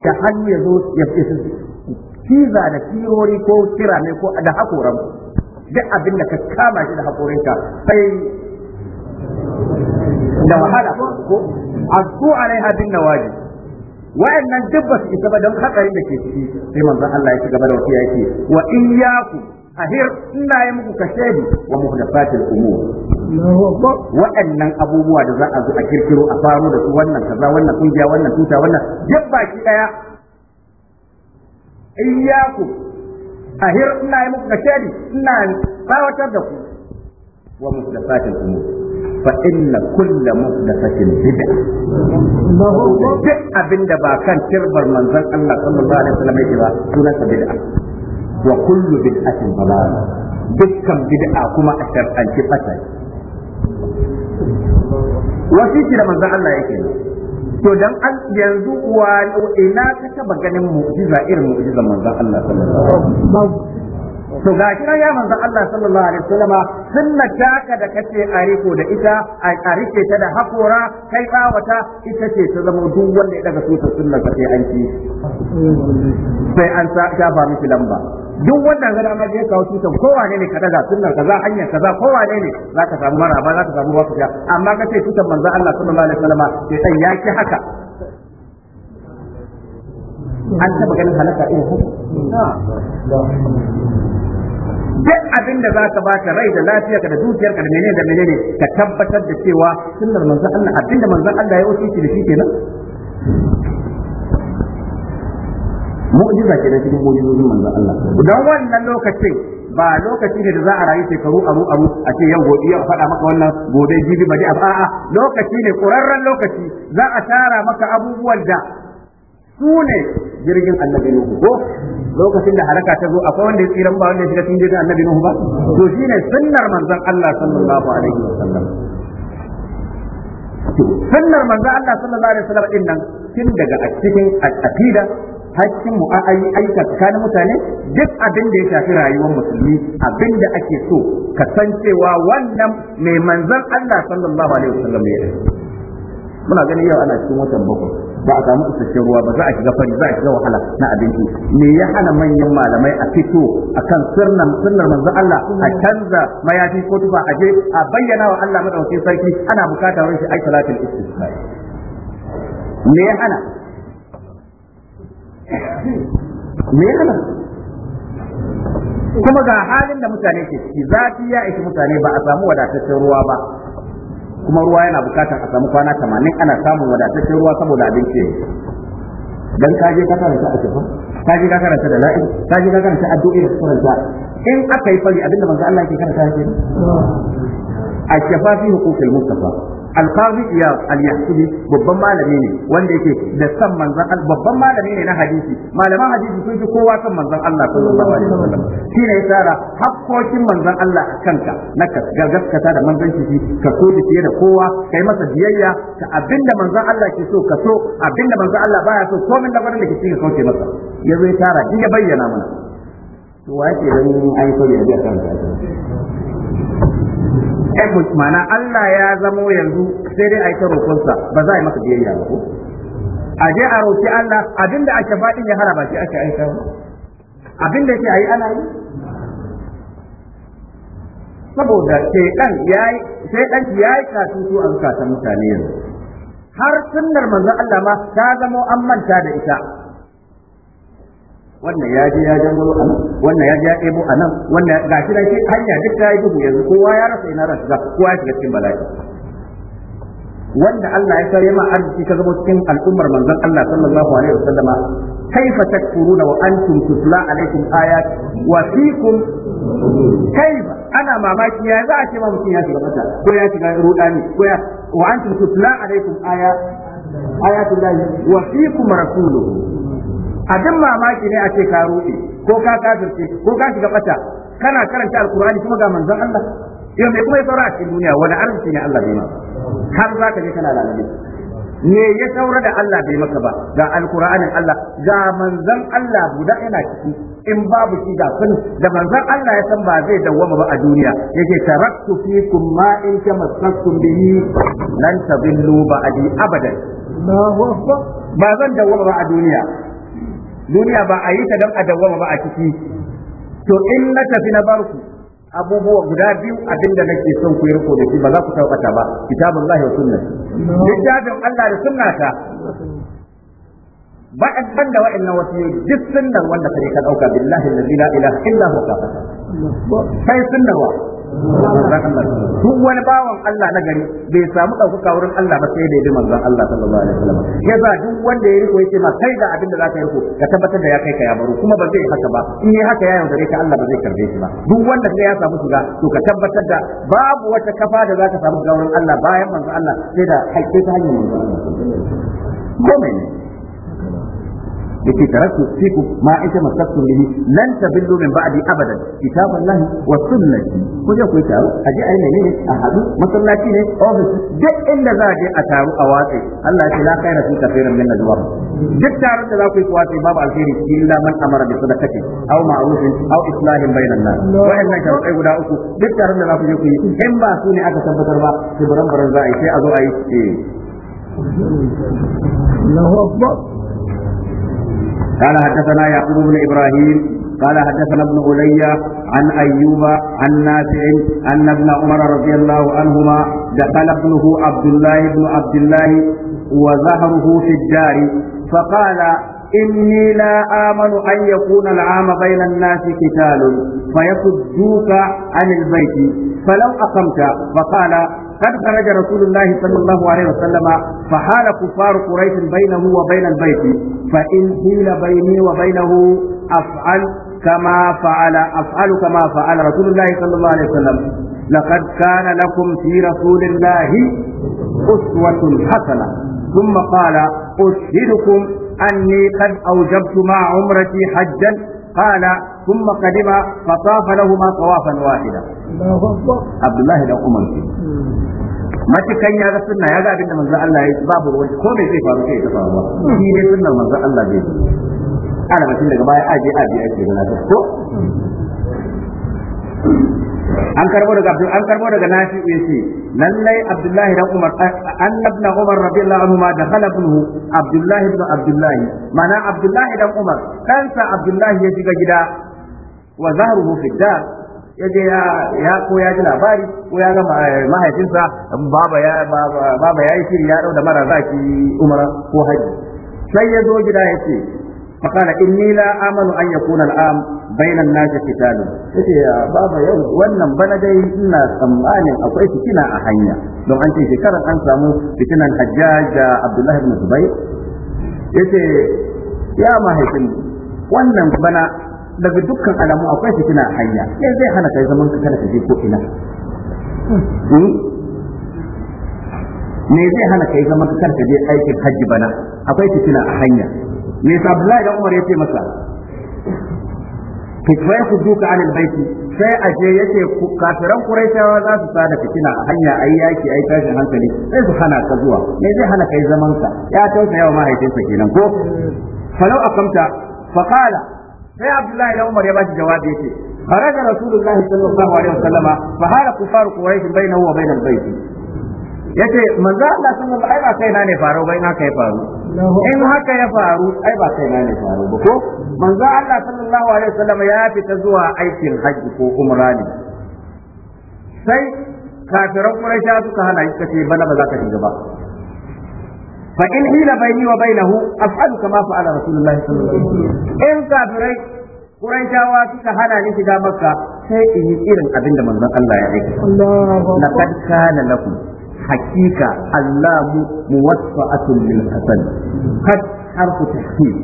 ta hannu ya zo ya fi ciza da tirori ko tira ne ko da hakoran duk abin da ka kama shi da hakorinka sai da wahala ko azu alaiha bin nawaji wa'annan duk ba su isa ba don hakarin da ke ciki sai manzon Allah ya ci gaba da wasiya yake wa iyyakum ahir ina yi muku kashedi wa muhdathatil umur waɗannan abubuwa da za a zo a kirkiro a faro da su wannan kaza wannan kungiya wannan tuta wannan duk baki daya iyyaku ahir ina yi muku kashedi ina tsawatar da ku wa muhdathatil umur fa inna kulla muhdathatin bid'a duk abinda ba kan tirbar manzon Allah sallallahu alaihi wasallam yake ba sunan bid'a wa kullu bid'atin dalal dukkan bid'a kuma a shar'anci fata shi da manzo Allah yake to dan an yanzu wa ina ka taba ganin mu'jiza irin mu'jizan manzo Allah sallallahu alaihi wasallam to ga kira ya manzo Allah sallallahu alaihi wasallama sunna taka da kace a riko da ita a rike ta da hakora kai wata ita ce ta zama duk wanda ya daga tutar sunna sai an ci sai an sa ba miki lamba duk wanda ga dama ya kawo tutan kowa ne ka daga sunnar kaza hanyar kaza kowa ne za ka samu maraba za ka samu wasu amma ka ce tutan manzo Allah sallallahu alaihi wasallam san ya ki haka an taba ganin halaka irin haka duk abin da za ka baka rai da lafiyarka da dukiyarka da menene da menene ka tabbatar da cewa sunnar manzo Allah abin da Allah ya wuce shi da shi kenan mu'jiza ke nan cikin mu'jizozin manzon Allah dan wannan lokacin ba lokacin da za a rayu shekaru aru aru a ce yau gobe yau faɗa maka wannan gobe jibi bari a a'a lokaci ne ƙurarren lokaci za a tara maka abubuwan da su ne jirgin annabi Nuhu ko lokacin da haraka ta zo akwai wanda ya tsira ba wanda ya shiga cikin jirgin annabi Nuhu ba to shine sunnar manzon Allah sallallahu alaihi wasallam sunnar manzon Allah sallallahu alaihi wasallam din nan tun daga a cikin aqida hakkin mu aika tsakanin mutane duk abin da ya shafi rayuwar musulmi abin da ake so ka san cewa wannan mai manzan Allah sallallahu alaihi wasallam muna ganin yau ana cikin watan bakwai ba a samu isasshen ruwa ba za a shiga fari za a shiga wahala na abinci me ya hana manyan malamai a fito akan sirnan sunnar manzan Allah a canza mayafi ko tufa a je a bayyana wa Allah madaukakin sarki ana bukatar wani shi ai salatul istisqa me ya hana me ya hana kuma ga halin da mutane ke ciki zafi ya aiki mutane ba a samu wadataccen ruwa ba kuma ruwa yana bukatar a samu kwana tamanin ana samun wadataccen ruwa saboda abinci dan ka je ka karanta a cikin ka je ka karanta da la'i ka je ka karanta addu'o'i da karanta in aka yi fari abinda manzo Allah yake karanta shi الشفاء في حقوق المصطفى alqazi iyad al-yahsubi babban malami ne wanda yake da san manzon Allah babban malami ne na hadisi malaman hadisi sun fi kowa san manzon Allah sallallahu alaihi wasallam shi ne tsara hakkokin manzon Allah a kanka na gaskata da manzanci shi ka so da fiye da kowa kai masa biyayya ka abinda manzon Allah ke so ka so abinda manzan Allah baya so komai da da ke cikin kauce masa yazo ya tara ya bayyana mana to wa yake dan an so ya ji kanka ai mana Allah ya zamo yanzu sai dai ai ta roƙonsa ba za a yi maka biyayya ba ko a je a roƙi Allah abinda ake faɗin ya haraba shi ake aika abinda yake ayi ana yi saboda shaidan yayi ya yayi katutu a zukatan mutane yanzu har sunnar manzon Allah ma ta zamo an manta da ita wannan ya je ya jango a nan wannan ya je ya ɗebo a nan wannan ga shi da shi hanya duk ta yi duhu yanzu kowa ya rasa ina rasa kowa ya shiga cikin bala'i wanda Allah ya kare ma arziki ka zama cikin al'ummar manzon Allah sallallahu alaihi wasallam kaifa takfuruna wa antum tutla alaikum ayat wa fikum kaifa ana mamaki ya za a ce ma mutum ya shiga mata ko ya shiga rudani ko ya wa antum tutla alaikum ayat ayatullahi wa fikum rasuluhu abin mamaki ne a ce ka rufe ko ka kafirce ko ka shiga bata kana karanta alkur'ani kuma ga manzon Allah yau me kuma ya saura a cikin duniya wani arziki ne Allah bai ma har za ka je kana lalabe me ya saura da Allah bai maka ba ga alkur'anin Allah ga manzon Allah guda yana ciki in babu shi da kun da manzon Allah ya san ba zai dawwama ba a duniya yake taraktu fikum ma in tamassaktum bihi lan tabillu ba'di abadan ba zan dawwama ba a duniya duniya ba a yi ta don a dawwama ba a ciki to in na tafi na barku abubuwa guda biyu abinda nake son ku yi riko da shi ba za ku tabbata ba Allah sunnah littafin Allah da ta ba ban da wa'annan wasiyoyi duk sunnar wanda kai ka dauka billahi la ilaha illa huwa sai duk wani bawan Allah na gari bai samu ɗaukaka wurin Allah ba sai da ya bi manzon Allah sallallahu alaihi wasallam yasa duk wanda ya riko ce ma kai da abin da zaka riko ka tabbatar da ya kai ka ya baro kuma ba zai haka ba in yi haka ya yaudare ka Allah ba zai karbe shi ba duk wanda sai ya samu shiga to ka tabbatar da babu wata kafa da za ka samu shiga wurin Allah bayan manzon Allah sai da haƙƙi ta hanyar manzon Allah yace taraktu fiku ma in tamassaktum bihi lan tabillu min ba'di abadan kitaballahi wa sunnati ko je ku taro aje ai ne a hadu masallaci ne office duk inda za a je a taru a watsi Allah ya ce la khaira fi kafirin min najwa duk taron da za ku yi ku watsi babu alheri illa man amara bi sadaqati aw ma'rufin aw islahin bainan nas wa'annan sharuɗai guda uku duk taron da za ku je ku yi in ba su ne aka tabbatar ba sai baran baran za a yi sai a zo a yi eh. Allahu قال حدثنا يعقوب بن ابراهيم قال حدثنا ابن علي عن ايوب عن نافع ان ابن عمر رضي الله عنهما دخل ابنه عبد الله بن عبد الله وظهره في الدار فقال إني لا آمن أن يكون العام بين الناس قتال فيصدوك عن البيت فلو أقمت فقال قد خرج رسول الله صلى الله عليه وسلم فحال كفار قريش بينه وبين البيت فإن حيل بيني وبينه أفعل كما فعل أفعل كما فعل رسول الله صلى الله عليه وسلم لقد كان لكم في رسول الله أسوة حسنة ثم قال أشهدكم أني قد أوجبت مع عمرتي حجا قال ثم قدم فطاف لهما طوافا واحدا عبد الله بن عمر matukan ya ga sunna ya ga abinda manzo Allah ya babu wani ko me faru sai ya faru ba shi dai sunnar manzo Allah zai ana batun daga baya aje aje ake gana ta an karbo daga Abdul an lallai Abdullahi dan Umar an ibn Umar radiyallahu anhu ma dakhala ibnuhu Abdullahi ibn Abdullahi mana Abdullahi dan Umar kansa Abdullahi ya shiga gida wa zahruhu fi dar yaje ya ya ko ya ji labari ko ya ga mahaifinsa baba ya baba ya yi shiri ya dau da mara zaki umara ko haji sai ya zo gida ya ce فقال إني لا آمن أن يكون الآن بين الناس قتال yace ya baba yau wannan bana dai ina tsammanin akwai fitina a hanya don an ce shekarar an samu fitinan Hajjaj da abdullahi ibn Zubayr yace ya mahaifin wannan bana daga dukkan alamu akwai fitina a hanya yanzu zai hana kai zaman ka kada ka je ko ina hmm. me zai hana kai zaman ka kada ka je aikin hajji bana akwai fitina a hanya me sa Abdullahi dan Umar ya ce masa ki fa yakhduka anil baiti sai a je yace kafiran quraishawa za su sada fitina a hanya ai yaki ai tashin hankali sai su hana ka zuwa me zai hana kai zaman ka ya tausaya wa mahaifinsa kenan ko falau akamta fa qala sai abdullahi da umar ya bashi jawabi yake خرج رسول الله صلى الله عليه وسلم فهال كفار قريش بينه وبين bayt yace manzo Allah sun ba ai ba kai na ne faru ba ina kai faru in haka ya faru ai ba kai na ne faru ba ko manzo Allah sallallahu alaihi wasallam ya fita zuwa aikin haji ko umra ne sai kafiran quraish suka hana shi kace bana ba za ka shiga ba fa in bai baini wa nahu, af'alu kama fa'ala rasulullah sallallahu alaihi wasallam in kafirai Quraishawa suka hana ni shiga Makka sai in yi irin abin da manzon Allah ya aika laqad kana lakum hakika Allah muwaffa'atun lil hasan qad harfu tahqiq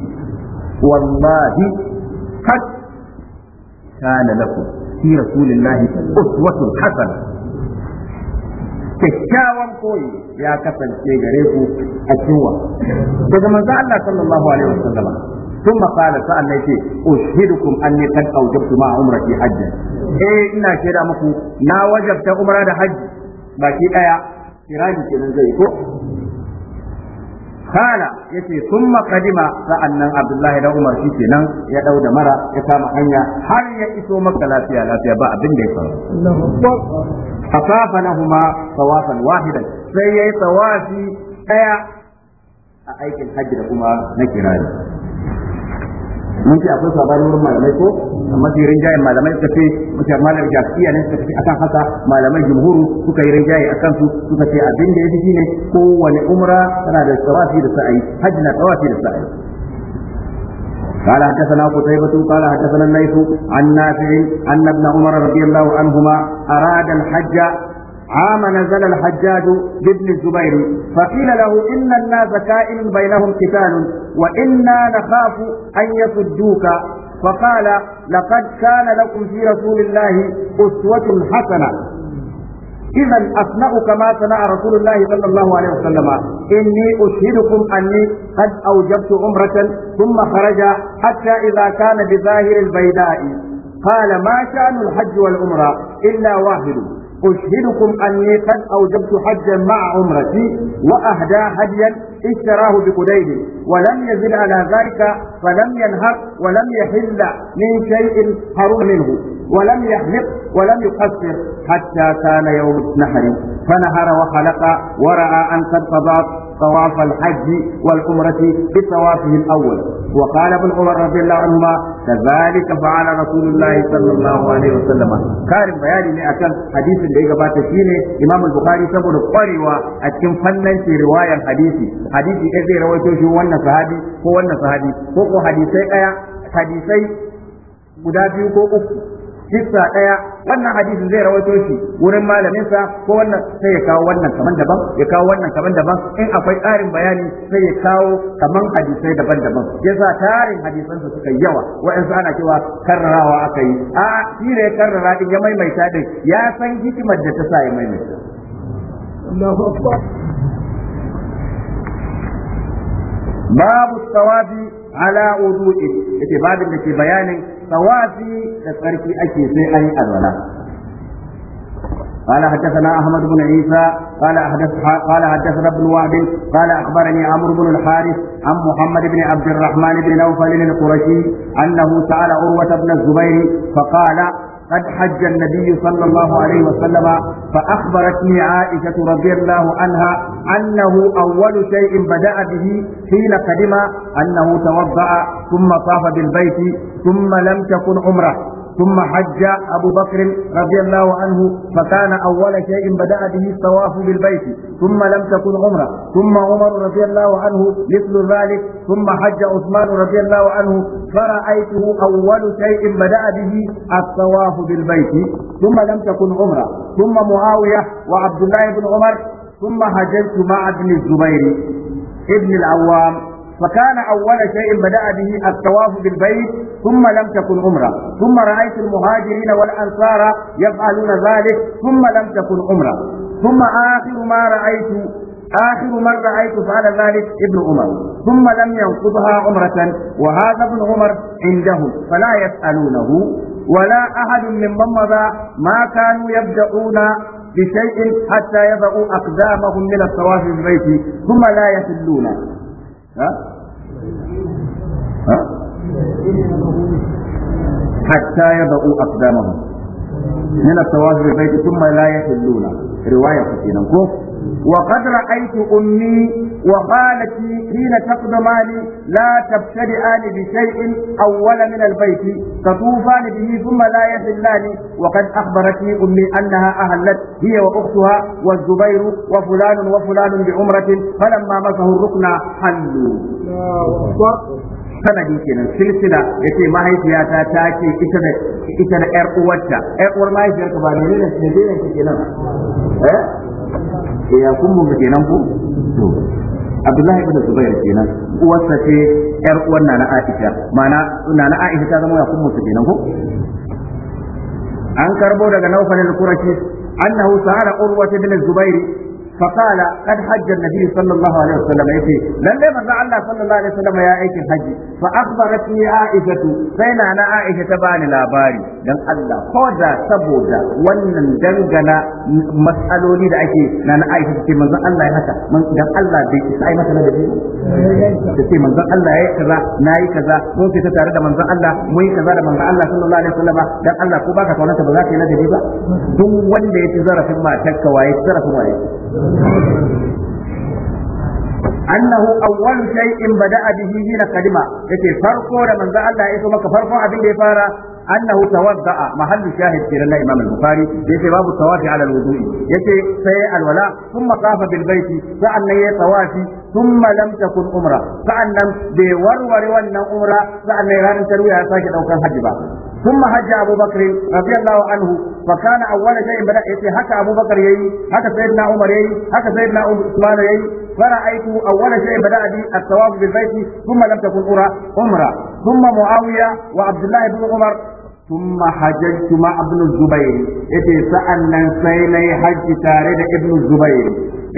wallahi qad kana lakum fi rasulillahi uswatun hasanah Kyakkyawan koyi ya kasance gare ku a cikin wa. Daga maza Allah sallallahu alaihi wa ta'an zama, tun baƙa da sa'an laifi ko shi da kuma an neman ta ta'auna da kuma aji. Eh ina shaida maku. Na wajabta umar da hajji. Baki ɗaya kiraji kenan zai yi ko? kala yace thumma kadima sa'annan abdullahi da umar shi kenan ya dau da mara ya kama hanya har ya iso maka lafiya lafiya ba abin da ya faru fasafa huma tawafan wahida sai yayi tawafi daya a aikin hajji da kuma na kirari mun ce akwai sabani wurin malamai ko mafi rinjayen malamai suka ce mace malamai ne suka ce akan haka malamai jumhuru suka yi rinjaye akan su suka ce abin da ya fi shine kowane umra tana da tsawafi da sa'ayi hajji na tsawafi da sa'ayi قال حدثنا قتيبة قال حدثنا الليث عن نافع أن ابن عمر رضي الله عنهما أراد الحج عام نزل الحجاج بابن الزبير فقيل له إن الناس كائن بينهم قتال وإنا نخاف أن يصدوك فقال لقد كان لكم في رسول الله أسوة حسنة إذا أصنع كما صنع رسول الله صلى الله عليه وسلم إني أشهدكم أني قد أوجبت عمرة ثم خرج حتى إذا كان بظاهر البيداء قال ما شأن الحج والعمرة إلا واحد أشهدكم أني قد أوجبت حجا مع عمرتي وأهدى هديا اشتراه بقديد ولم يزد على ذلك فلم ينهر ولم يحل من شيء حرم منه ولم يحلق ولم يقصر حتى كان يوم النحر فنهر وخلق ورأى أن قد قضى طواف الحج والعمرة بطوافه الأول وقال ابن عمر رضي الله عنهما كذلك فعل رسول الله صلى الله عليه وسلم كان بياني ne akan hadisin da ya gabata shine Imam Bukhari saboda kwarewa a cikin fannin riwayar hadisi hadisi ɗaya zai rawaito shi wannan sahabi ko wannan sahabi ko ko hadisai ɗaya hadisai guda biyu ko uku kissa ɗaya wannan hadisin zai rawaito shi wurin malaminsa ko wannan sai ya kawo wannan kaman daban ya kawo wannan kaman daban in akwai tsarin bayani sai ya kawo kaman hadisai daban-daban ya sa tarin su suka yawa wa'ansu ana cewa karrarawa aka yi a shi ne karrara din ya maimaita din ya san hikimar da ta sa ya maimaita babu tawafi ala wudu'i yake babin da ke bayanin tawafi da tsarki ake sai an yi alwala قال حدثنا احمد بن عيسى قال حدث قال حدثنا ابن وهب قال اخبرني عمرو بن الحارث عن محمد بن عبد الرحمن بن نوفل القرشي انه سال عروه بن الزبير فقال قد حج النبي صلى الله عليه وسلم فأخبرتني عائشة رضي الله عنها أنه أول شيء بدأ به حين قدم أنه توضأ ثم طاف بالبيت ثم لم تكن عمره ثم حج أبو بكر رضي الله عنه فكان أول شيء بدأ به الطواف بالبيت ثم لم تكن عمرة ثم عمر رضي الله عنه مثل ذلك ثم حج عثمان رضي الله عنه فرأيته أول شيء بدأ به الطواف بالبيت ثم لم تكن عمرة ثم معاوية وعبد الله بن عمر ثم هجرت مع ابن الزبير ابن العوام فكان أول شيء بدأ به الطواف بالبيت ثم لم تكن عمرة ثم رأيت المهاجرين والأنصار يفعلون ذلك ثم لم تكن عمرة ثم آخر ما رأيت آخر من رأيت فعل ذلك ابن عمر ثم لم ينقضها عمرة وهذا ابن عمر عندهم فلا يسألونه ولا أحد من مضى ما كانوا يبدأون بشيء حتى يضعوا أقدامهم من الطواف بالبيت ثم لا يسلون ha ha hatta yad'u aqdamahum min at-tawaf bi bayt thumma la kenan ko وقد رأيت أمي وخالتي حين تقدمان لا تبتدئان بشيء أول من البيت تطوفان به ثم لا يحلان وقد أخبرتني أمي أنها أهلت هي وأختها والزبير وفلان وفلان بعمرة فلما مسه الركن حلوا sanadi kenan silsila ya ce mahaifiyata ta ce ita da ita da ƴar uwarta ƴar uwar mahaifiyarka ba menene ne ne kenan eh eh ya kun mun kenan ko to Abdullahi ibn Zubair kenan uwarsa ce yar uwar na na Aisha mana na Aisha ta zama ya kun mun kenan ko an karbo daga Nawfal al-Qurashi annahu sa'ala Urwa ibn Zubair فقال قد حج النبي صلى الله عليه وسلم يتي لن لما الله صلى الله عليه وسلم يا ايك الحج فاخبرتني عائشه فين انا عائشه تباني لاباري دان الله كودا سبودا wannan dangana matsaloli da ake na na aisha take manzon Allah ya haka dan Allah bai isa ai masa ladabi ta ce manzon Allah ya kaza nayi kaza mun fita tare da manzon Allah mun yi kaza da manzon Allah sallallahu alaihi wasallam dan Allah ko baka kaunarsa ba za ka yi ba duk wanda ya ci zarafin matarka zarafin annahu awwal shay'in bada'a bihi hina kalima yace farko da manzo Allah ya maka farkon abin da ya fara annahu tawadda'a mahallu shahid kiran na imam al-bukhari ce babu tawafi ala al-wudu'i yace sai alwala thumma tafa bil baiti sa'annan ya tawafi thumma lam takun umra sa'annan bai warware wannan umra sa'annan ranar tarwiya ya sake daukan haji ba ثم حج أبو بكر رضي الله عنه فكان أول شيء بدأ حتى أبو بكر يي حتى سيدنا عمر يي حتى سيدنا عثمان يي فرأيت أول شيء بدأ بي الطواف بالبيت ثم لم تكن عمرة ثم معاوية وعبد الله بن عمر ثم حججت مع ابن الزبير إذ سألنا سيني حج تاريخ ابن الزبير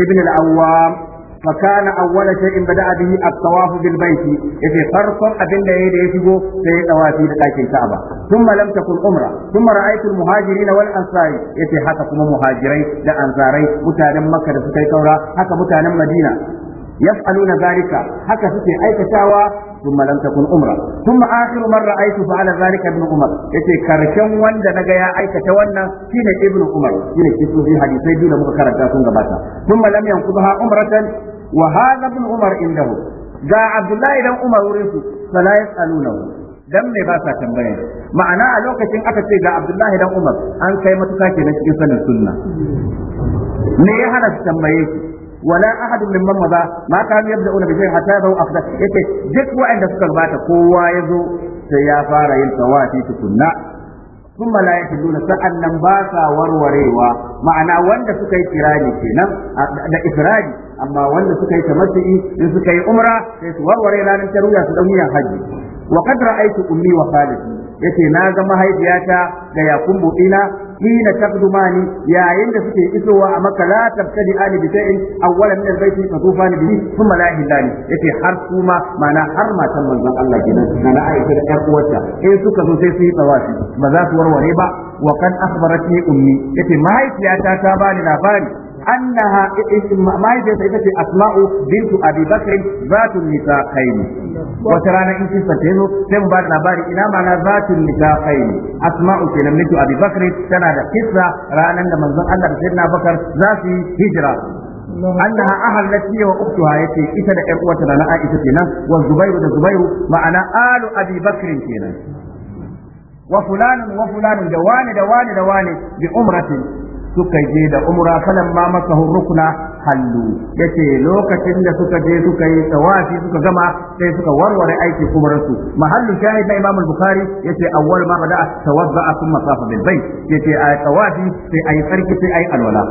ابن العوام فكان أول شيء بدأ به الطواف بالبيت يتي فرقم أبن لا يدي يشبو سيد أوافي لكي الكعبة ثم لم تكن أمرة ثم رأيت المهاجرين والأنصار يتي حتى كما مهاجرين لأنصاري متانا مكة سكي كورا حتى متانا مدينة يفعلون ذلك حتى سكي أي تشاوى ثم لم تكن عمره ثم آخر من رأيت فعل ذلك ابن عمر يتي كرشن وند نجا يا أيك تونا شين ابن عمر شين كتب في حديثي دون مكرر ثم لم ينقضها عمرة وهذا ابن عمر عنده ga Abdullahi dan Umar wurin su fala yasalunahu dan me ba sa tambaya ma'ana a lokacin aka ce ga Abdullahi dan Umar an kai matuka kenan cikin sanin sunna me ya hana su tambaye su wala ahad mimman maza ma kan yabda'una bi shay'in hatta yadau afda yace duk wa'anda suka gabata kowa yazo sai ya fara yin tawafi tukunna ثم لا يجدون ba sa warwarewa. ma'ana wanda suka yi kirani kenan da ifradi amma wanda suka yi tamattu'i in suka yi umra sai su warware ranar taruya su dan wuyan haji wa qad ra'aytu ummi wa khalidi yace na ga mahaifiyata ga yakun na hina taqdumani yayin da suke isowa a maka la tabtadi ali bi shay'in awwala min al-bayti fatufani bihi thumma la ilahi yace har kuma mana har matan manzon Allah kenan na Aisha da ƴar uwarta eh suka zo sai su yi tawafi ba za su warware ba wa kan akhbaratni ummi yace mahaifiyata ta bani labari annaha mahaifiyarsa ita ce asma'u bintu abi bakr zatun nisaqaini wata rana in kin sace zo sai mu ba da labari ina mana zatun nisaqaini asma'u kenan bintu abi tana da kissa ranan da manzon Allah da bakar za su hijira أنها أهلت لي وأختها يتي إتنا إرقوة لنا آئسة والزبير والزبير معنا آل أبي بكر كينا وفلان وفلان دوان دوان دوان بأمرة suka je da umra falan ma maka rukna hallu yace lokacin da suka je suka yi tawafi suka gama sai suka warware aiki umrarsu mahallu shahid na imam bukhari yace awwal ma bada tawadda thumma safa bil bayt yace a tawafi sai ayi sarki sai ayi alwala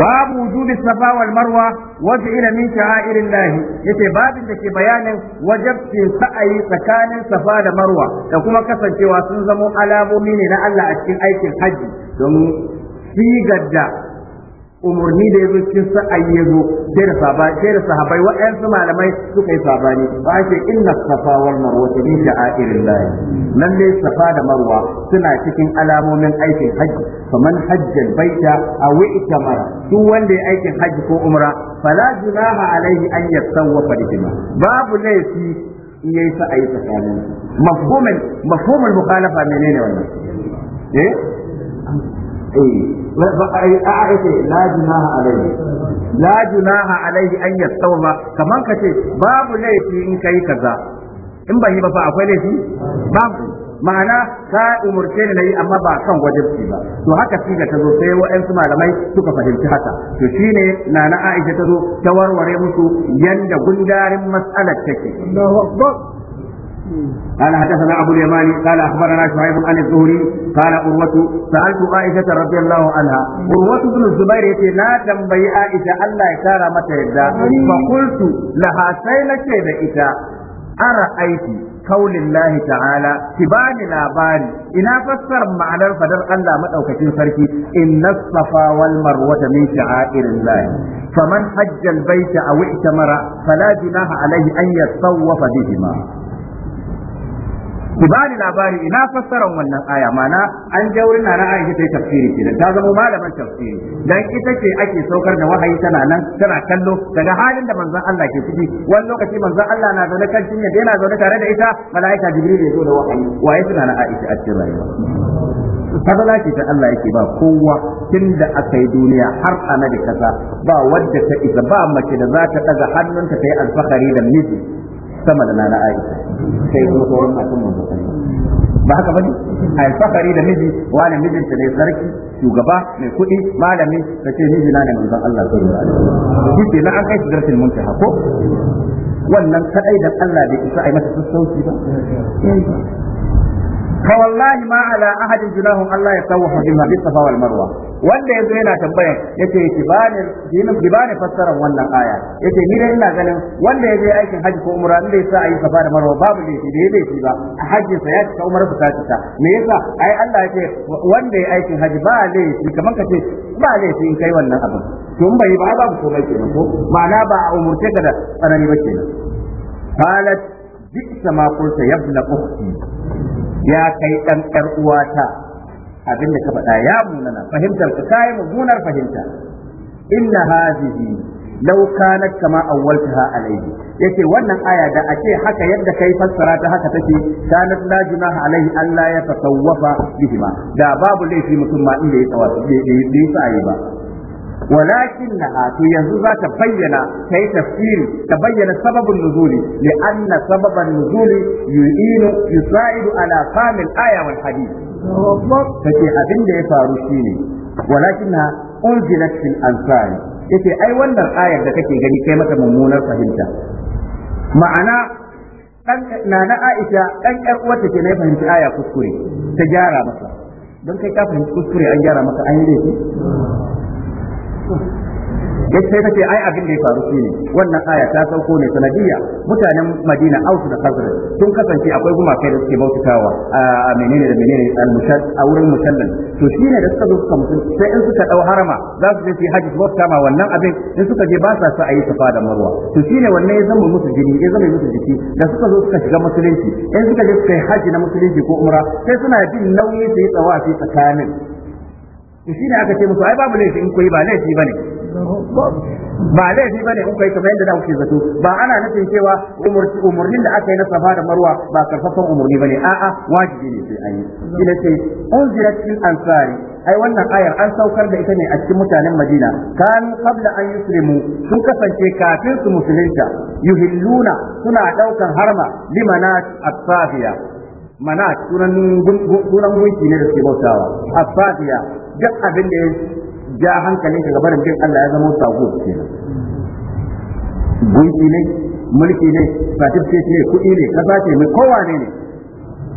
babu wujubi safa marwa wata ila min irin lahi yace babin da ke bayanin wajabcin sa'ayi tsakanin safa da marwa da kuma kasancewa sun zamo alamomi ne na Allah a cikin aikin hajji domin sigar da umarni da ya zo cikin sa'ayi ya zo sai da sahabai waɗansu malamai suka yi sabani ba a ce inna safa wal marwa ta bin sha'irin nan ne safa da marwa suna cikin alamomin aikin hajji kamar hajjal baita a wi'ita mara duk wanda ya aikin hajji ko umra fala junaha alaihi an yatawwafa bihima babu laifi in yayi sa'ayi tsakanin mafhumul mafhumul mukhalafa menene wannan eh a'ace la junaha alaihi la junaha alaihi an yastawa kaman kace babu laifi in kai kaza in ban yi ba akwai laifi babu ma'ana ka umurce ni nayi amma ba kan wajibci ba to haka siga ta zo sai wa'ansu malamai suka fahimci haka to shine nana Aisha ta zo ta warware musu yanda gundarin mas'alar take Allahu akbar قال حدثنا ابو اليماني قال اخبرنا شعيب عن الزهري قال عروه سالت عائشه رضي الله عنها عروه بن الزبير يتي لا تنبي عائشه الله يكار متى يدا فقلت لها سيلك اذا ارايت kaulin lahi ta'ala ki bani labari ina fassar ma'anar fadar Allah maɗaukacin sarki inna safa wal marwata min sha'irin lahi faman hajja al-baita aw i'tamara fala jinaha alaihi an yatawwafa bihima ki bani labari ina fassaran wannan aya mana an je wurin nana Aisha ta tafsiri kenan ta zama malaman tafsiri dan ita ce ake saukar da wahayi tana nan tana kallo daga halin da manzon Allah ke ciki wani lokaci manzon Allah na zaune kan cinya da yana zaune tare da ita malaika Jibril ya zo da wahayi waye tana na Aisha a cikin rayuwa fadala ta Allah yake ba kowa da aka yi duniya har a da kasa ba wadda ta isa ba mace da za ta hannunta ta yi alfahari da miji sama da nana Aisha sai kuma sauran matan manzo ba haka bane ai fakari da miji wani mijin ta ne sarki shugaba mai kuɗi malami da ce miji na ne manzon Allah sallallahu alaihi wasallam shi na an kai sidratul muntaha ko wannan kadai da Allah bai isa ai masa sassauci ba فوالله ما على احد جناه الله يسوح بما في الصفا والمروه wanda yanzu yana tambaya yace ki bani ki bani fassarar wannan aya yace ni dai ina ganin wanda yaje aikin haji ko umra inda yasa ayi safa da marwa babu da yake dai bai ba haji sa ya cika umra ta cika me yasa ai Allah ce wanda ya aikin haji ba laifi kamar ka ce ba laifi in kai wannan abin to bai ba babu komai kenan ko ma'ana ba a umurce ka da tsanani ba kenan halat bi sama kulta ya ukhti ya kai ɗan 'yar uwata abin da ka faɗa ya munana fahimtar ka kai mummunar fahimta inna hadhihi law kanat kama awwaltaha alayhi yace wannan aya da a ce haka yadda kai fassara ta haka take kanat la junaha alayhi Allah ya tasawwafa bihima da babu laifi mutum ma inda ya tsawafi bai ya yi ba ولكنها في ينزوها تبين كي تفسير تبين سبب النزول لأن سبب النزول يعين يساعد على فهم الآية والحديث فشي أبن دي فاروشيني ولكنها أنزلت في الأنصار yace ai wannan ayar da kake gani kai mata mummunar fahimta ma'ana dan nana Aisha dan ƴar uwarta ke ne fahimci aya kuskure ta gyara masa don kai ka fahimci kuskure an gyara maka an yi ya sai ce ai abin da ya faru ne. wannan aya ta sauko ne sanadiyya mutanen Madina Aus da Khazraj sun kasance akwai gumakai da suke bautawa a menene da menene al mushad a wurin musallan to shine da suka zo suka mutum sai in suka dau harama za su je su haji su bauta ma wannan abin in suka je ba sa su ayi safa da marwa to shine wannan ya zama musu jini ya zama musu jiki da suka zo suka shiga musulunci in suka je suka yi haji na musulunci ko umra sai suna jin nauyi su yi tsawafi tsakanin to shine aka ce musu ai babu laifi in koyi ba laifi bane ba laifi bane in koyi kamar yadda da kuke zato ba ana nufin cewa umurnin da aka yi na safa da marwa ba karfafan umurni bane a'a wajibi ne sai ayi. yi ce unzirat fil ansari ai wannan ayar an saukar da ita ne a cikin mutanen Madina kan qabla an yuslimu sun kasance kafin su musulunta yuhilluna suna daukan harma limanat as-safiya manat sunan gunki ne da suke bautawa as duk abin da ya ja hankalin ka gabarin jin Allah ya zama sako kenan gunki ne mulki ne certificate ne kuɗi ne kaza ce mai kowa ne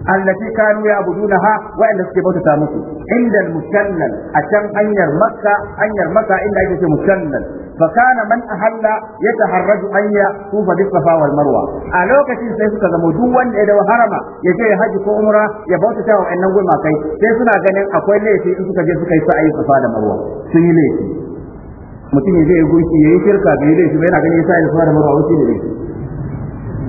allati gudu ya'budunaha ha, wayanda suke bauta musu inda musannal a can hanyar maka hanyar makka inda ake ce musannal فكان من أهل يتحرج أن يطوف بالصفا والمروة ألوك sai suka zama duk wanda ya dawo harama ya ya haji ko umra ya bauta ta wa'annan gulma kai sai suna ganin akwai laifi in suka je suka yi sa'ayi da marwa sun yi laifi mutum ya je ya ya yi shirka bai laifi ba yana ya sa'ayi da marwa wasu ne laifi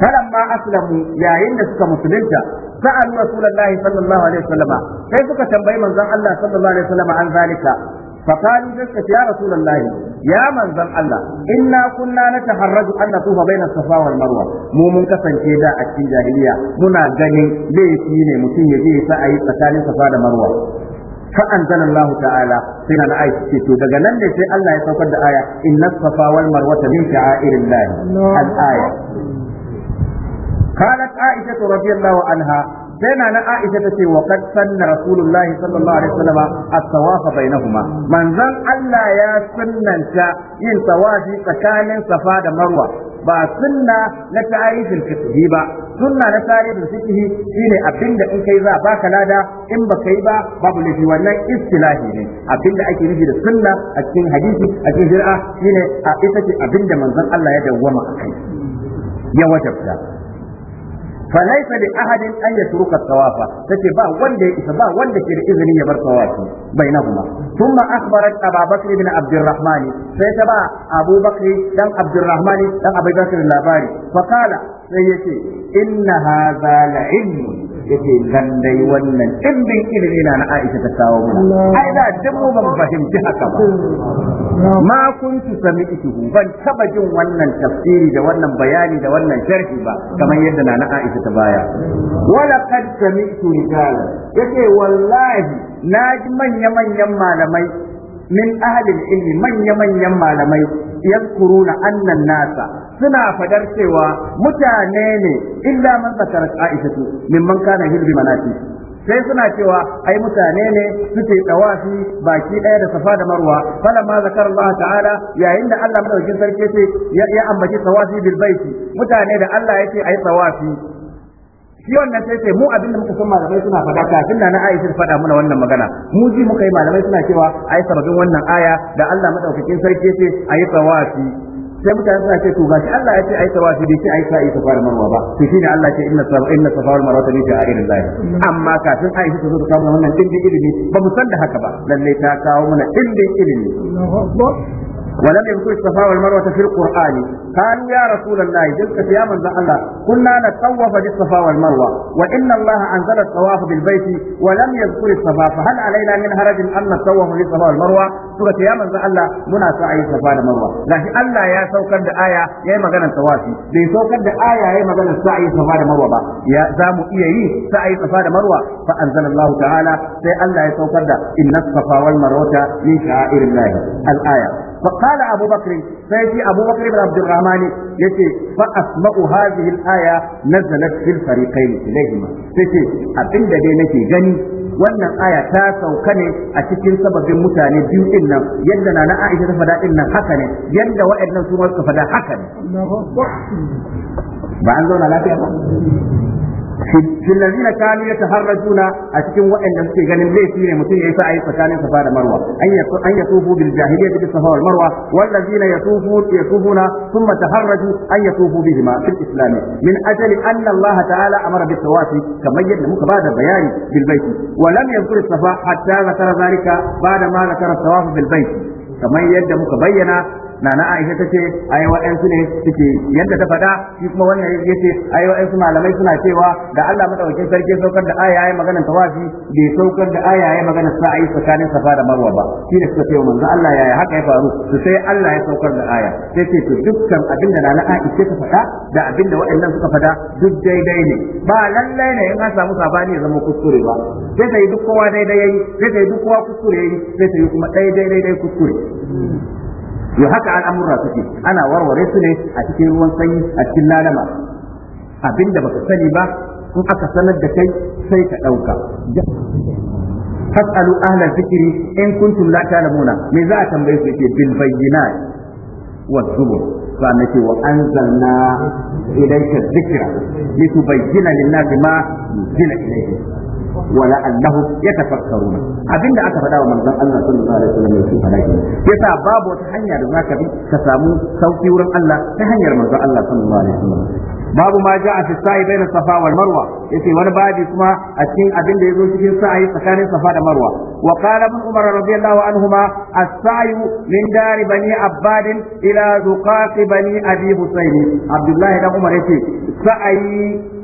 kalan ma aslamu yayin da suka musulunta sa'alu rasulullahi sallallahu alaihi wasallam sai suka tambayi manzon Allah sallallahu alaihi wasallam an zalika فقالوا ذلك يا رسول الله يا من ذن الله إنا كنا نتحرج أن نطوف بين الصفا والمروة مو من كسن كيدا أكين جاهلية منا جنين ليتيني متين يجي سأي تكالي صفا مروة فأنزل الله تعالى سنة الآية تيتو دقا لن الله يتوقع الآية إن الصفا والمروة من شعائر الله الآية قالت عائشة رضي الله عنها sai na Aisha ta ce wa kad sanna Rasulullahi sallallahu alaihi wasallam at-tawaf bainahuma manzon Allah ya sunnanta yin tawafi tsakanin Safa da Marwa ba sunna na tarihin fiqhi ba sunna na tarihin fiqhi shine abinda in kai za baka lada in ba kai ba babu lafi wannan istilahi ne abinda ake nufi da sunna a cikin hadisi a cikin shari'a shine a ita ce abinda manzon Allah ya dawwama akai ya wajabta fa laysa ahadin an yatruka tawafa tace ba wanda ya isa ba wanda ke da izini ya bar tawafi bainahuma thumma akhbarat Abu Bakr ibn Abdurrahman sai ta ba Abu Bakr dan Abdurrahman dan Abu Bakr labari fa kala sai yace inna hadha la yace lallai wannan dimbin ilimi na na Aisha ta kawo mana ai da duk mu ban fahimci haka ba ma kuntu sami'tuhu ban taba jin wannan tafsiri da wannan bayani da wannan sharhi ba kamar yadda na na Aisha ta baya wala qad sami'tu rijalan yake wallahi na ji manya-manyan malamai min أهل ilmi manya manyan malamai لمي annan nasa suna سنا cewa mutane ne illa man zakara Aisha mimman kana hirbi بمناتي sai suna cewa ai mutane ne suke tawafi baki ɗaya da safa da marwa fala ma zakar Allah ta'ala yayin da Allah madaukakin sarki ce ya ambaci tawafi bil baiti mutane da Allah yake ai tsawafi. shi wannan sai sai mu abinda muka san malamai suna faɗa kafin na Aisha ta faɗa mana wannan magana mu ji muka yi malamai suna cewa ai sabbin wannan aya da Allah madaukakin sarki yace ayi tawafi sai mutane suna ce to gashi Allah ya ce ai tawafi bai ce ai sa'i ta fara marwa ba to shine Allah ya ce inna safa inna safa wal marwa min sha'airillahi amma kafin Aisha ta zo ta kawo wannan dindin ilimi ba mu san da haka ba lalle ta kawo mana ɗindin ilimi ولم يذكر الصفا والمروة في القرآن قالوا يا رسول الله جلت يا من الله كنا نتطوف بالصفا والمروة وإن الله أنزل الطواف بالبيت ولم يذكر الصفا فهل علينا من هرج أن نتطوف بالصفا والمروة سورة يا من الله منا سعي الصفا والمروة لكن الله يا سوكر آية يا مغنى التوافي بي سوكر آية يا مغنى سعي الصفا والمروة يا زام إيه سعي الصفا والمروة فأنزل الله تعالى سي الله يا سوكر إن الصفا والمروة من شعائر الله الآية فقال أبو بكر سيدي ya بكر بن عبد الرحمن يتي na هذه الآية نزلت في الفريقين ce سيدي da nake جني wannan aya ta sauka ne a cikin sababin mutane biyu din nan yadda na Aisha ta faɗa din nan haka ne yadda waɗannan su suka faɗa haka ne ba an zauna lafiya في الذين كانوا يتهرجون أتكن وإن نسي غنم ليس يمتين يسعى أي سكان صفا مروة أن يطوفوا بالجاهلية بالصفا والمروة والذين يطوفون يطوفون ثم تهرجوا أن يطوفوا بهما في الإسلام من أجل أن الله تعالى أمر بالطواف كما يدنمك بعد بيان بالبيت ولم يذكر الصفا حتى ذكر ذلك بعد ما ذكر الطواف بالبيت kamar yadda muka bayyana nana Aisha tace ai waɗansu ne suke yadda ta faɗa shi kuma wannan ce ai waɗansu malamai suna cewa da Allah madaukakin sarki saukar da aya yayi maganar tawafi bai saukar da aya yayi maganar sa'i tsakanin Safa da Marwa ba shi ne suka ce manzo Allah yaya haka ya faru su sai Allah ya saukar da aya sai ce to dukkan abin da nana Aisha ta faɗa da abin da waɗannan suka faɗa duk daidai ne ba lallai ne in an samu sabani ya zama kuskure ba sai ta yi duk kowa daidai yayi sai ta yi duk kowa kuskure yayi sai kuma daidai daidai kuskure yo haka al'amurra suke ana warware su ne a cikin ruwan sanyi a cikin lalama abinda baka sani ba in aka sanar da kai sai ka ɗauka fasalu ahla zikiri in kuntum la ta'lamuna me za a tambaye su yake bil bayyinat wa zubur sannan ce wa anzalna ilayka dhikra litubayyana lin-nasi ma wala annahum yatafakkaruna abinda aka faɗawa wa manzon Allah sallallahu alaihi wasallam yake faɗa ke yasa babu wata hanyar da ka bi ka samu sauki wurin Allah ta hanyar manzon Allah sallallahu alaihi wasallam babu maja ja'a fi sa'i baina safa wal marwa yace wani babi kuma a cikin abin da zo cikin sa'i tsakanin safa da marwa wa qala ibn umar radiyallahu anhuma as-sa'yu min dar bani abbad ila zuqaq bani abi husayn abdullahi dan umar ya yace sa'i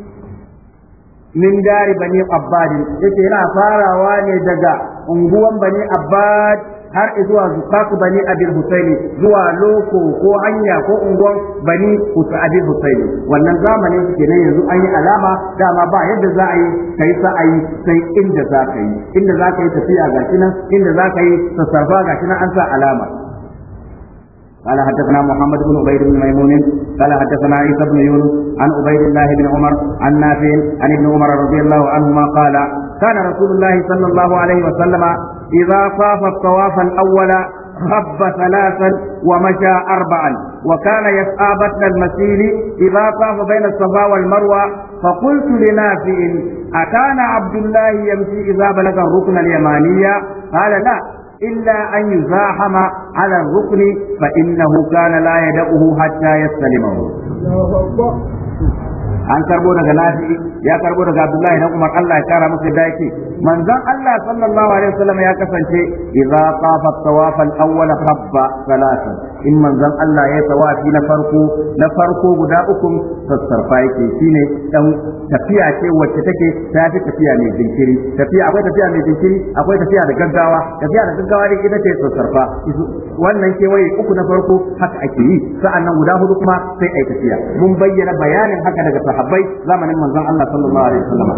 min dari bani abbad yake yana farawa ne daga unguwan bani abbad har zuwa zukaku bani abil husaini zuwa loko ko hanya ko unguwan bani abil husaini wannan zamanin su kenan yanzu an yi alama dama ba yadda za a yi kai yi sai inda za ka yi inda za ka yi tafiya ga nan inda za ka yi sassafa ga nan an sa alama قال حدثنا محمد بن عبيد بن ميمون قال حدثنا عيسى بن يونس عن عبيد الله بن عمر عن نافع عن ابن عمر رضي الله عنهما قال كان رسول الله صلى الله عليه وسلم إذا طاف الطواف الأول خب ثلاثا ومشى أربعا وكان يسعى بطن المسير إذا طاف بين الصفا والمروة فقلت لنافع أكان عبد الله يمشي إذا بلغ الركن اليمانية قال لا إلا أن يزاحم على الركن فإنه كان لا يدعه حتى يستلمه an karbo daga nafi ya karbo daga Abdullahi dan Umar Allah ya kara masa da yake manzon Allah sallallahu alaihi wasallam ya kasance idza tafa tawaf al-awwal khabba salasa in manzon Allah ya tawafi na farko na farko guda uku sassarfa yake shine dan tafiya ce wacce take ta fi tafiya mai jinkiri tafiya akwai tafiya mai jinkiri akwai tafiya da gaggawa tafiya da gaggawa ne ita ce sassarfa wannan kewaye uku na farko haka ake yi sa'annan guda hudu kuma sai ai tafiya mun bayyana bayanin haka daga sahabbai zamanin manzon Allah sallallahu alaihi wasallam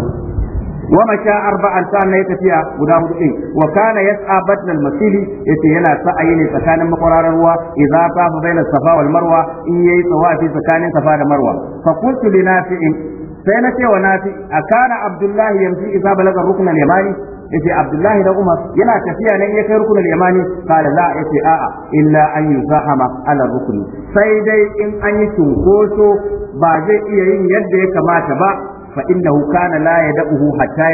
wa masha arba'an sa'an ya tafiya guda hudu din wa kana yas'a batna al-masil yace yana sa'ayi ne tsakanin makwararar ruwa idza tafa baina safa wal marwa in yayi tawafi tsakanin safa da marwa fa qultu li nafi'in sai na ce wa nafi akana abdullahi yanzu idza balaga rukn al-yamani yace abdullahi da umar yana tafiya ne ya kai rukn al-yamani kala la yace a'a illa an yuzahama ala rukn sai dai in an yi cunkoso ba zai iya yin yadda ya kamata ba fa innahu kana la yad'uhu hatta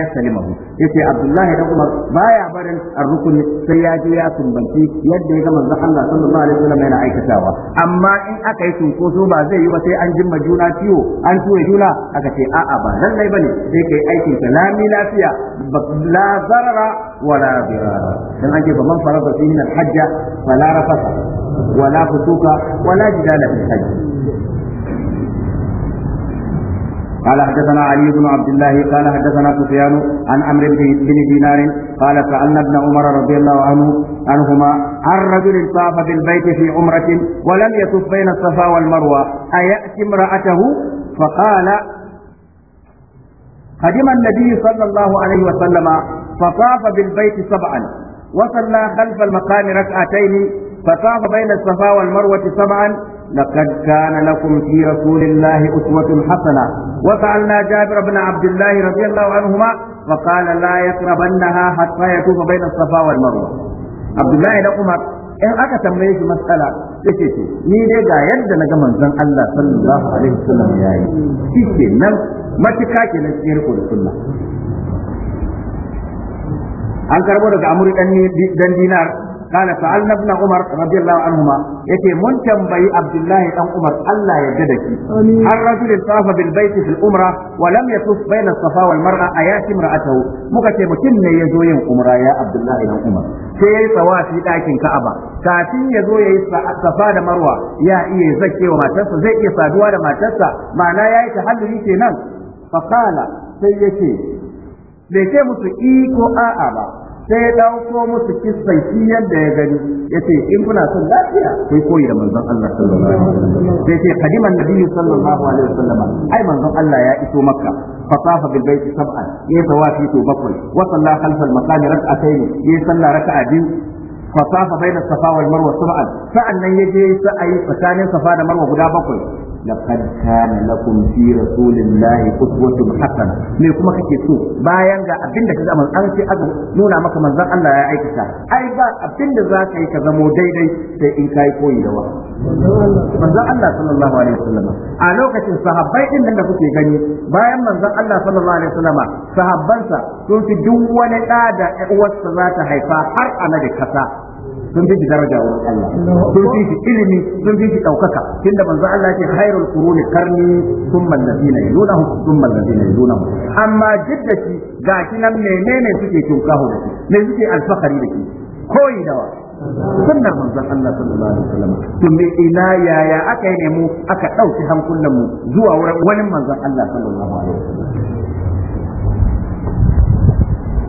Ya ce abdullahi dan umar baya barin ar-rukun sai ya je ya sumbanci yadda ya ga manzon Allah sallallahu alaihi wasallam yana aikatawa amma in aka yi cunkoso ba zai yi ba sai an jimma juna ciwo an tuwe juna aka ce a'a ba lallai ne zai kai aikin ka lami lafiya la zarara wala dirara dan ake ba man farada fihi al-hajja fala rafasa wala fusuka wala jidala fil hajj قال حدثنا علي بن عبد الله قال حدثنا سفيان عن عمرو بن دينار قال سألنا ابن عمر رضي الله عنه عنهما عن رجل طاف بالبيت في عمرة ولم يطف بين الصفا والمروة أيأتي امرأته فقال قدم النبي صلى الله عليه وسلم فطاف بالبيت سبعا وصلى خلف المقام ركعتين فطاف بين الصفا والمروة سبعا لقد na لكم في رسول الله أسوة حسنة وسألنا جابر بن عبد الله رضي الله عنهما فقال لا يقربنها حتى يطوف بين الصفا والمروة عبد الله بن عمر in aka tambaye shi matsala yake to ni dai ga yadda na ga manzon Allah sallallahu alaihi wasallam yayi shike nan matuka ke na cikin da sunna an karɓo daga amuri dan dinar قال سألنا ابن عمر رضي الله عنهما يتي من تنبي عبد الله أن عمر ألا يجدك الرجل طاف بالبيت في الأمرة ولم يطف بين mar'a a أياتي امرأته muka ce يزو يا عبد الله أن عمر sai ya yi tsawa fi ɗakin ka'aba kafin ya zo ya yi safa da marwa ya iya zake wa matarsa zai iya saduwa da matarsa ma'ana ya yi tahalluri kenan fa kala sai ce bai ce musu iko a'a ba sai ya dauko musu kissan shi yadda ya gani Ya ce in kuna son lafiya sai koyi da manzon Allah sallallahu alaihi wasallam sai ce kadiman nabiyyu sallallahu alaihi wasallam ai manzon Allah ya iso makka فطاف بالبيت سبعا يسوى في بكر وصلى خلف المقام ركعتين يصلى ركعه فطاف بين الصفا والمروه سبعا فان يجي سعي فكان الصفا والمروه بكر laqad kana lakum fi rasulillahi uswatun hasana me kuma kake so bayan ga abinda kaga man an ce aka nuna maka manzon Allah ya aikata ai abinda za ka ka zamo daidai sai in kai koyi da wa manzon Allah sallallahu alaihi wasallam a lokacin sahabbai din da kuke gani bayan manzon Allah sallallahu alaihi wasallam sahabbansa sun fi duk wani da da uwarsa za ta haifa har a da kasa sun fi shi daraja wurin Allah sun fi shi ilimi sun fi shi daukaka tunda manzo Allah ke khairul quruni karni thumma alladhina yunahum thumma alladhina yunahum amma jiddati gashi nan menene suke tunkaho da shi me suke alfakari da shi koyi dawa sunnar manzon Allah sallallahu alaihi wasallam to me ina yaya aka yi nemo aka dauki hankulan mu zuwa wurin wani manzon Allah sallallahu alaihi wasallam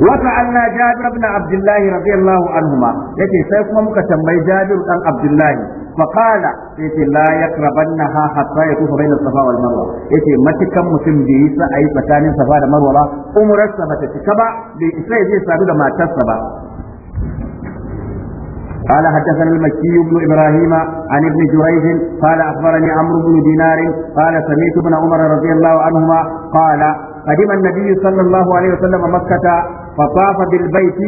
وسألنا جابر بن عبد الله رضي الله عنهما يتي سيكون بي جابر بن عبد الله فقال يتي لا يقربنها حتى يطوف بين الصفا والمروة يتي ما تكم مسلم بيسا أي مكان صفا والمروة أمر السبا تتكبع لإسرائيل زي سابقا ما تسبا قال حدثنا المكي بن ابراهيم عن ابن جريج قال اخبرني عمرو بن دينار قال سمعت ابن عمر رضي الله عنهما قال قدم النبي صلى الله عليه وسلم مكة فطاف بالبيت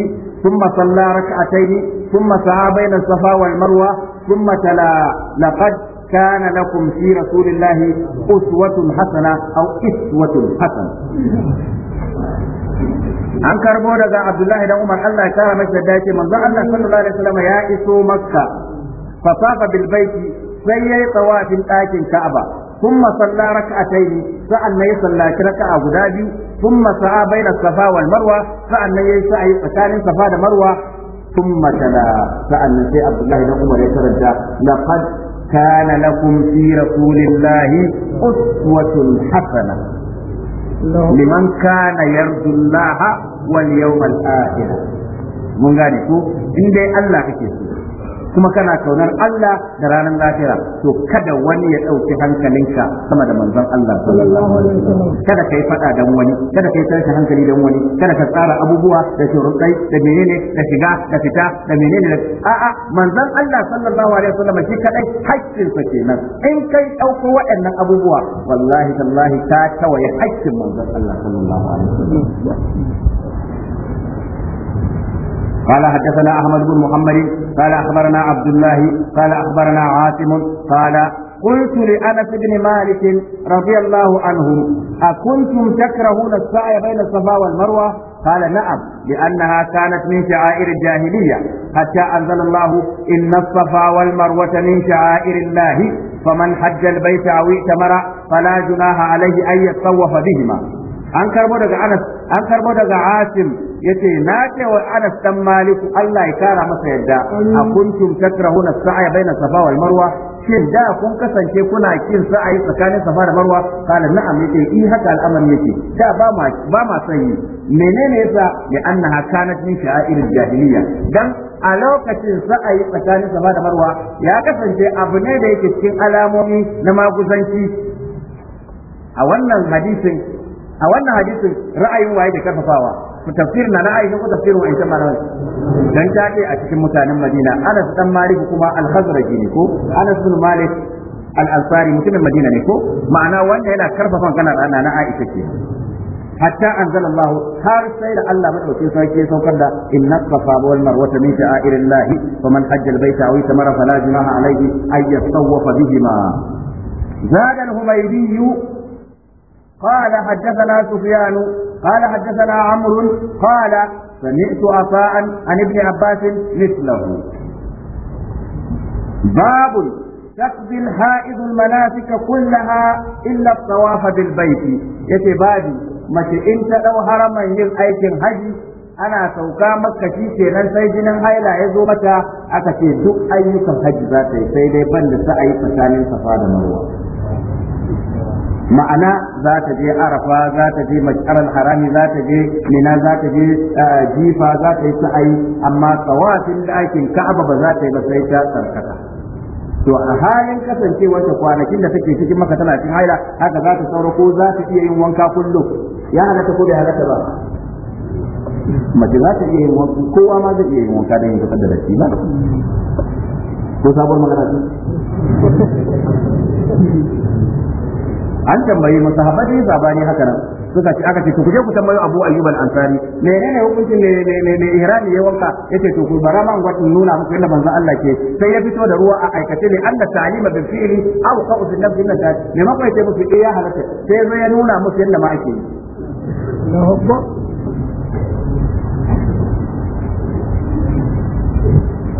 ثم صلى ركعتين ثم سعى بين الصفا والمروه ثم تلا لقد كان لكم في رسول الله أسوة حسنة أو إسوة حسنة عن كربون ذا عبد الله بن عمر الله تعالى مجد الدايت من ذا الله صلى الله عليه وسلم يائسوا مكة فطاف بالبيت سيئي طواف آت كعبة ثم صلى ركعتين ما يصلى كركع غدابي thumma sa'a baina safa wal marwa sa'annan yayi sa'i tsakanin safa da marwa thumma tala sa'annan sai abdullahi da umar ya karanta laqad kana lakum fi rasulillahi uswatun hasana liman kana yarju Allah wal yawmal akhir mun gane in dai Allah so kuma kana kaunar Allah da ranar lafiya to kada wani ya ɗauki hankalinka sama da manzon Allah sallallahu alaihi wasallam kada kai faɗa dan wani kada kai tashi hankali dan wani kada ka tsara abubuwa da shuruɗai da menene da shiga da fita da menene a'a manzon Allah sallallahu alaihi wasallam shi kadai haƙƙin sa kenan in kai ɗauko waɗannan abubuwa wallahi tallahi ta tawaye haƙƙin manzon Allah sallallahu alaihi wasallam قال حدثنا احمد بن محمد قال أخبرنا عبد الله قال أخبرنا عاصم قال قلت لأنس بن مالك رضي الله عنه أكنتم تكرهون السعي بين الصفا والمروة قال نعم لأنها كانت من شعائر الجاهلية حتى أنزل الله إن الصفا والمروة من شعائر الله فمن حج البيت أو ائتمر فلا جناح عليه أن يتصوف بهما an karbo daga Anas an karbo daga asim yace na ce wa anas dan maliku Allah ya kara masa yadda a kuntum takrahuna sa'a baina safa wal marwa shin da kun kasance kuna kin sa'ayi tsakanin safa da marwa kana na'am yace in eh, haka al'amari yake da ba ma ba ma sanyi menene yasa ya annaha kanat min sha'ir jahiliya dan a lokacin sa'ayi tsakanin safa da marwa ya kasance abu ne da yake cikin alamomi na maguzanci a wannan hadisin a wannan hadisin ra'ayin waye da karfafawa tafsir na ra'ayi ko tafsirin wa'in shan malamai dan ta ce a cikin mutanen Madina Anas dan Malik kuma al-Khazraji ne ko Anas bin Malik al-Ansari mutumin Madina ne ko ma'ana wanda yana karfafa maganar ana na Aisha ke hatta anzalallahu har sai da Allah su sarki saukar da inna safa wal marwa min sha'airillahi faman hajja al-baita aw itamara fala junaha alayhi ay bihima zada al-humaydi قال حدثنا سفيان قال حدثنا عمرو قال سمعت عطاء عن ابن عباس مثله باب تقضي الحائض المناسك كلها الا الطواف بالبيت يتي بابي mace in ta ɗau haraman yin aikin haji ana sauka makka shi kenan sai jinin haila ya zo mata aka ce duk ayyukan haji za ta yi sai dai banda ayi tsakanin safa da marwa ma'ana za ta je arafa za ta je makarar harami za ta je mina za ta je eh, jifa za ta yi sa'ayi amma tsawafin ɗakin ka'aba ba za ta yi ba sai ta tsarkaka to a halin kasancewar ta kwanakin da take cikin maka tana cikin haila haka za ta sauro ko za ta iya yin wanka kullum ya halatta ko bai halatta ba mace za ta iya yin wanka kowa ma zai iya yin wanka don yin fitar da datti ba ko sabuwar magana an tambayi musahabai yi zabani haka nan suka ce aka ce to kuje ku tambayo Abu Ayyub al-Ansari menene hukuncin ne ne ne ne ihrami ya wanka yace to ku bara man gwat nuna muku inda manzo Allah ke sai ya fito da ruwa a aikace ne anna ta'lima bil fi'li aw qawlu bil nafsi inna ta'lima ne ma kai sai musu eh, ya halatta sai ya nuna muku inda ma ake yi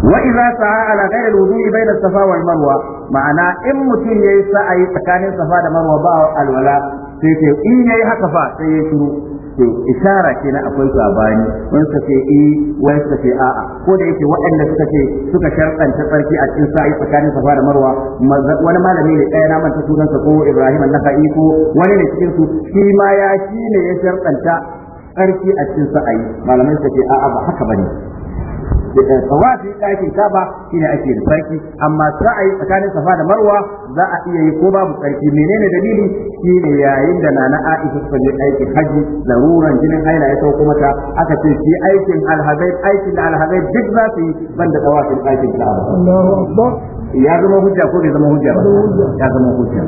wa idza sa'a ala ghairi alwudu'i bayna safa wal marwa ma'ana in mutum yayi sa'ayi tsakanin safa da marwa ba alwala sai ce in yayi haka fa sai ya shiru to isara ce akwai sabani wani suka ce i wani suka ce a'a ko da waɗanda suka ce suka sharɗanta tsarki a cikin sa'i tsakanin safa da marwa wani malami ne ɗaya na manta sunansa ko ibrahim an-nakhai ko wani ne cikin su ya shi ne ya sharɗanta tsarki a cikin sa'ayi malamai suka ce a'a ba haka bane tawafi ɗakin kaba shine ake da sarki amma yi tsakanin safa da marwa za a iya yi ko babu tsarki menene dalili shine yayin da nana Aisha ta je aikin haji laruran jinin haila ya sauko mata aka ce shi aikin alhazai aikin da alhazai duk za su yi banda tawafin ɗakin kaba ya zama hujja ko bai zama hujja ba ya zama hujja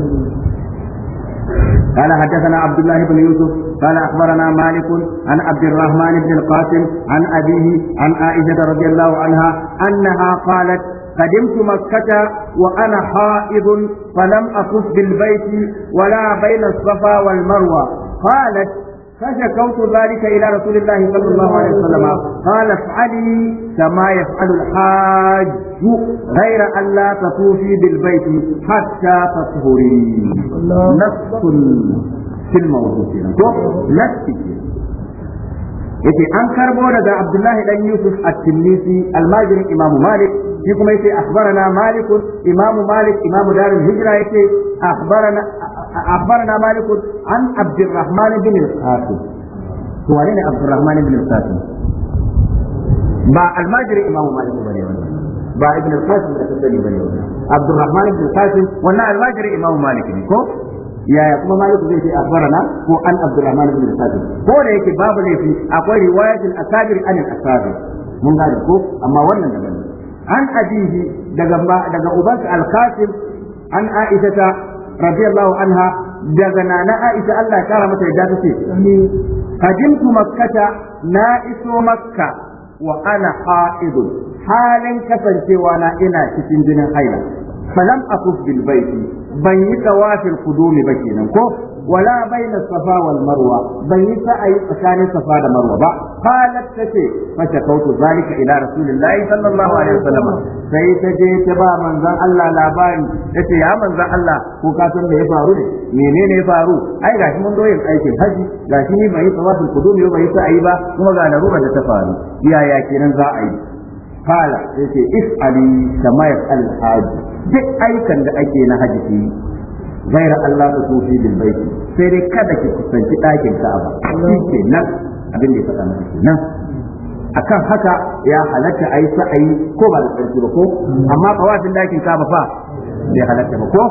قال حدثنا عبد الله بن يوسف قال اخبرنا مالك عن عبد الرحمن بن القاسم عن ابيه عن عائشه رضي الله عنها انها قالت قدمت مكة وأنا حائض فلم أطف بالبيت ولا بين الصفا والمروة قالت فشكوت ذلك إلى رسول الله صلى الله عليه وسلم قال افعلي كما يفعل الحاج غير أن لا تطوفي بالبيت حتى تطهري نفس في الموضوع نفس yake an karbo daga Abdullahi dan Yusuf at-Tinnisi almajirin Imam Malik shi kuma yace akhbarana malik imam malik imam darul hijra yace akhbarana akhbarana malik an abdurrahman bin al-qasim to wane ne abdurrahman bin al-qasim ba almajiri imam malik bane wannan ba ibn al-qasim da kasani bane wannan abdurrahman bin al-qasim wannan almajiri imam malik ne ko yaya kuma Malik zai ce akbarana ko an abdurrahman bin al-qasim ko da yake babu laifi akwai riwayatin asabir anil asabir mun gane ko amma wannan daban an abihi daga daga ubansa al-qasim an aisha radiyallahu anha daga nana aisha Allah ya kara mata yadda tace qadimtu makkata na iso makka wa ha'idu, halin kasancewa na ina cikin jinin haila falam akuf bil ban yi tawafil kudumi ba kenan ko wala bayna safa wal marwa ban yi sa'ayi tsakanin safa marwa ba qalat tace fa shakautu zalika ila rasulillahi sallallahu alaihi wasallam sai ta je ta ba manzon Allah labari tace ya manzon Allah ko ka san me ya faru ne menene ya faru ai gashi mun doyin aikin haji gashi ni bai tawafil qudumi ba yi bai yi ba kuma ga na da ta faru yaya kenan za a yi قال is ali كما يفعل الحاج duk aikan da ake na haji ki gaira Allah ta tufi bil baiti sai dai kada ki kusanci ɗakin Ka'aba shi nan abin da ya faɗa miki nan akan haka ya halatta ayi sa'ayi ko ba da tsarki ba ko amma kawafin ɗakin Ka'aba fa bai halarta ba ko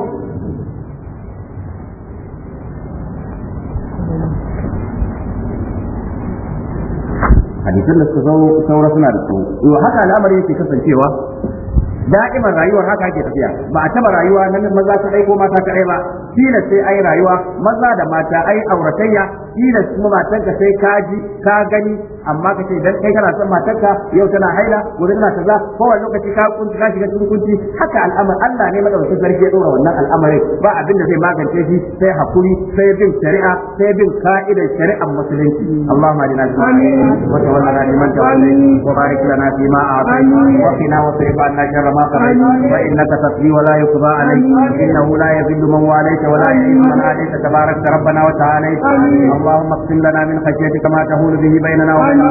hadisan da suka saura suna da tsawo to haka al'amari yake kasancewa da'iman rayuwar haka ake tafiya ba a taba rayuwa na maza ta ko mata ta ba kila sai ai rayuwa maza da mata ai auratayya kila kuma matanka sai ka ji ka gani amma kace dan kai kana son matarka yau tana haila gobe tana kaza ko wani lokaci ka kunci ka shiga cikin kunci haka al'amar Allah ne madaukakin sarki ya dora wannan al'amarin ba abin da zai magance shi sai hakuri sai bin shari'a sai bin ka'idar shari'ar musulunci Allahumma adina fi wa tawallana liman tawallayt wa barik lana fi ma a'tayt wa qina wa sirif anna sharra wa innaka tasbi wa la yuqda alayk innahu la yadhillu man walayt عليك ولا يهمنا عليك تبارك ربنا وتعالى اللهم اقسم لنا من خشيتك ما تهول به بيننا وبين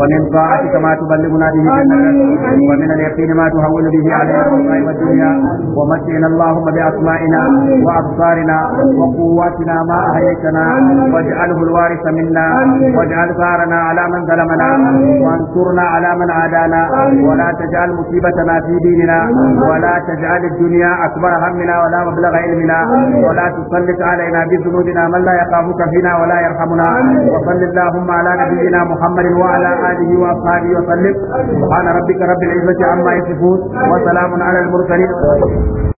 ومن طاعتك ما تبلغنا به ومن اليقين ما تهون به علينا مصائب الدنيا ومتعنا اللهم باسمائنا وابصارنا وقواتنا ما احييتنا واجعله الوارث منا واجعل ثارنا على من ظلمنا وانصرنا على من عادانا ولا تجعل مصيبتنا في ديننا ولا تجعل الدنيا اكبر همنا ولا مبلغ علمنا ولا تسلط علينا بذنوبنا من لا يخافك فينا ولا يرحمنا وصل اللهم على نبينا محمد وعلى اله واصحابه وسلم سبحان ربك رب العزه عما يصفون وسلام على المرسلين